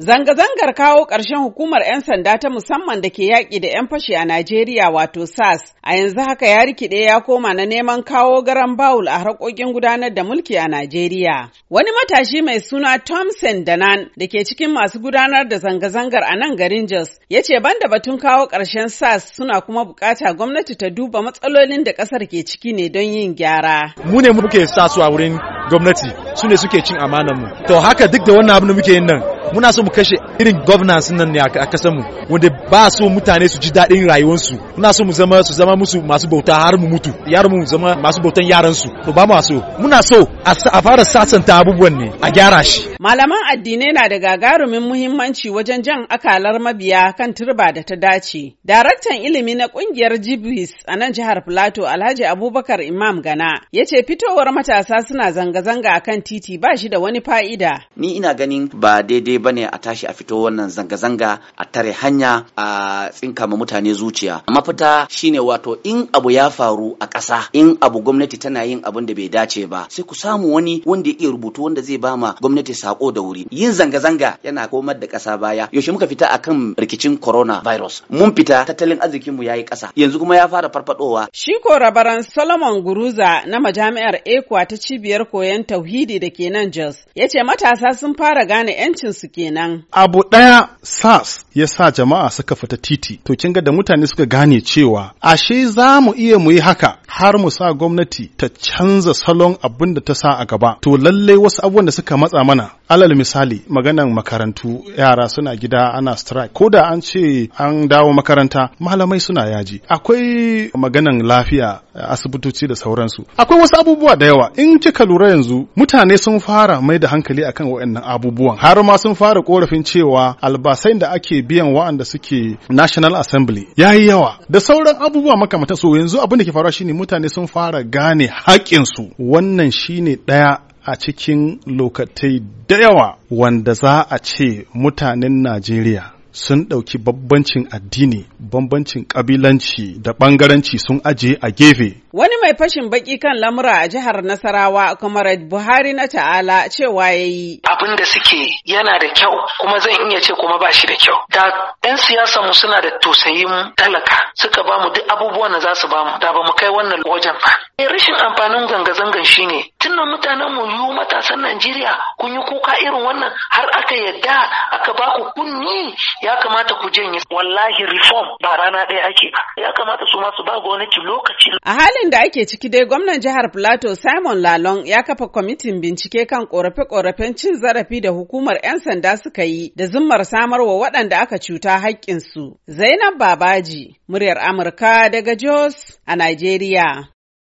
Zanga-zangar kawo ƙarshen hukumar 'yan sanda ta musamman da ke yaƙi da 'yan fashi a Najeriya wato SAS a yanzu haka ya rikide ya koma na neman kawo garan bawul a harkokin gudanar da mulki a Najeriya. Wani matashi mai suna Thompson Danan da ke cikin masu gudanar da zanga-zangar a nan garin Jos ya ce banda batun kawo ƙarshen SAS suna kuma bukata gwamnati ta duba matsalolin da ƙasar ke ciki ne don yin gyara. Mu ne muke sa a wurin gwamnati su ne suke cin amanar mu. To haka duk da wannan abin da muke yin nan muna so mu kashe irin governance nan ne a kasar mu wanda ba so mutane su ji daɗin rayuwarsu muna so mu zama su zama musu masu bauta har mu mutu yaran mu zama masu bautan yaran su to ba mu so muna so a fara sasanta abubuwan ne a gyara shi malaman addinai na da gagarumin muhimmanci wajen jan akalar mabiya kan turba da ta dace daraktan ilimi na kungiyar jibris a nan jihar plateau alhaji abubakar imam gana ya ce fitowar matasa suna zanga-zanga akan titi ba shi da wani fa'ida ni ina ganin ba daidai daidai bane a tashi a fito wannan zanga-zanga a tare hanya a tsinka ma mutane zuciya mafita shine wato in abu ya faru a ƙasa in abu gwamnati tana yin abin da bai dace ba sai ku samu wani wanda ya iya rubutu wanda zai ba ma gwamnati sako da wuri yin zanga-zanga yana komar da ƙasa baya yaushe muka fita akan rikicin corona virus. mun fita tattalin arzikin arzikinmu yayi ƙasa yanzu kuma ya fara farfadowa shi ko rabaran solomon guruza na majami'ar ekwa ta cibiyar koyon tauhidi da ke nan jos yace matasa sun fara gane 'yancinsu kenan. Abu ɗaya SARS ya sa jama'a suka fita titi to kin ga da mutane suka gane cewa ashe za mu iya mu yi haka har mu sa gwamnati ta canza salon abin da ta sa a gaba to lallai wasu abubuwan da suka matsa mana alal misali maganan makarantu yara suna gida ana strike ko da an ce an dawo makaranta malamai suna yaji akwai maganan lafiya asibitoci da sauransu akwai wasu abubuwa da yawa in kika lura yanzu mutane sun fara mai da hankali akan waɗannan abubuwan har ma sun fara korafin cewa albasa basai da ake biyan wa'anda suke National Assembly ya yi yawa da sauran abubuwa makamata so yanzu abin da ke faruwa shine mutane sun fara gane su wannan shine ɗaya a cikin lokatai da yawa wanda za a ce mutanen Najeriya sun ɗauki bambancin addini bambancin ƙabilanci da ɓangaranci sun aje a gefe. Wani mai fashin baki kan lamura a jihar Nasarawa Comrade Buhari na ta'ala cewa ya yi. Abin da suke yana da kyau kuma zan iya ce kuma ba shi da kyau. Da 'yan siyasa mu suna da tausayin talaka suka ba mu duk abubuwan da za su ba mu da ba mu kai wannan wajen ba. Eh, Rashin amfanin zanga-zangan shine tunan mutanen mu yiwu matasan Najeriya kun yi kuka irin wannan har aka yadda aka ba ku kunni ya kamata ku janye wallahi reform ba rana ɗaya ake ya kamata su masu ba gwamnati lokaci a halin da ake ciki dai gwamnan jihar plateau simon lalong ya kafa kwamitin bincike kan korafe-korafen cin zarafi da hukumar 'yan sanda suka yi da zummar samarwa waɗanda aka cuta haƙƙinsu zainab babaji muryar amurka daga jos a nigeria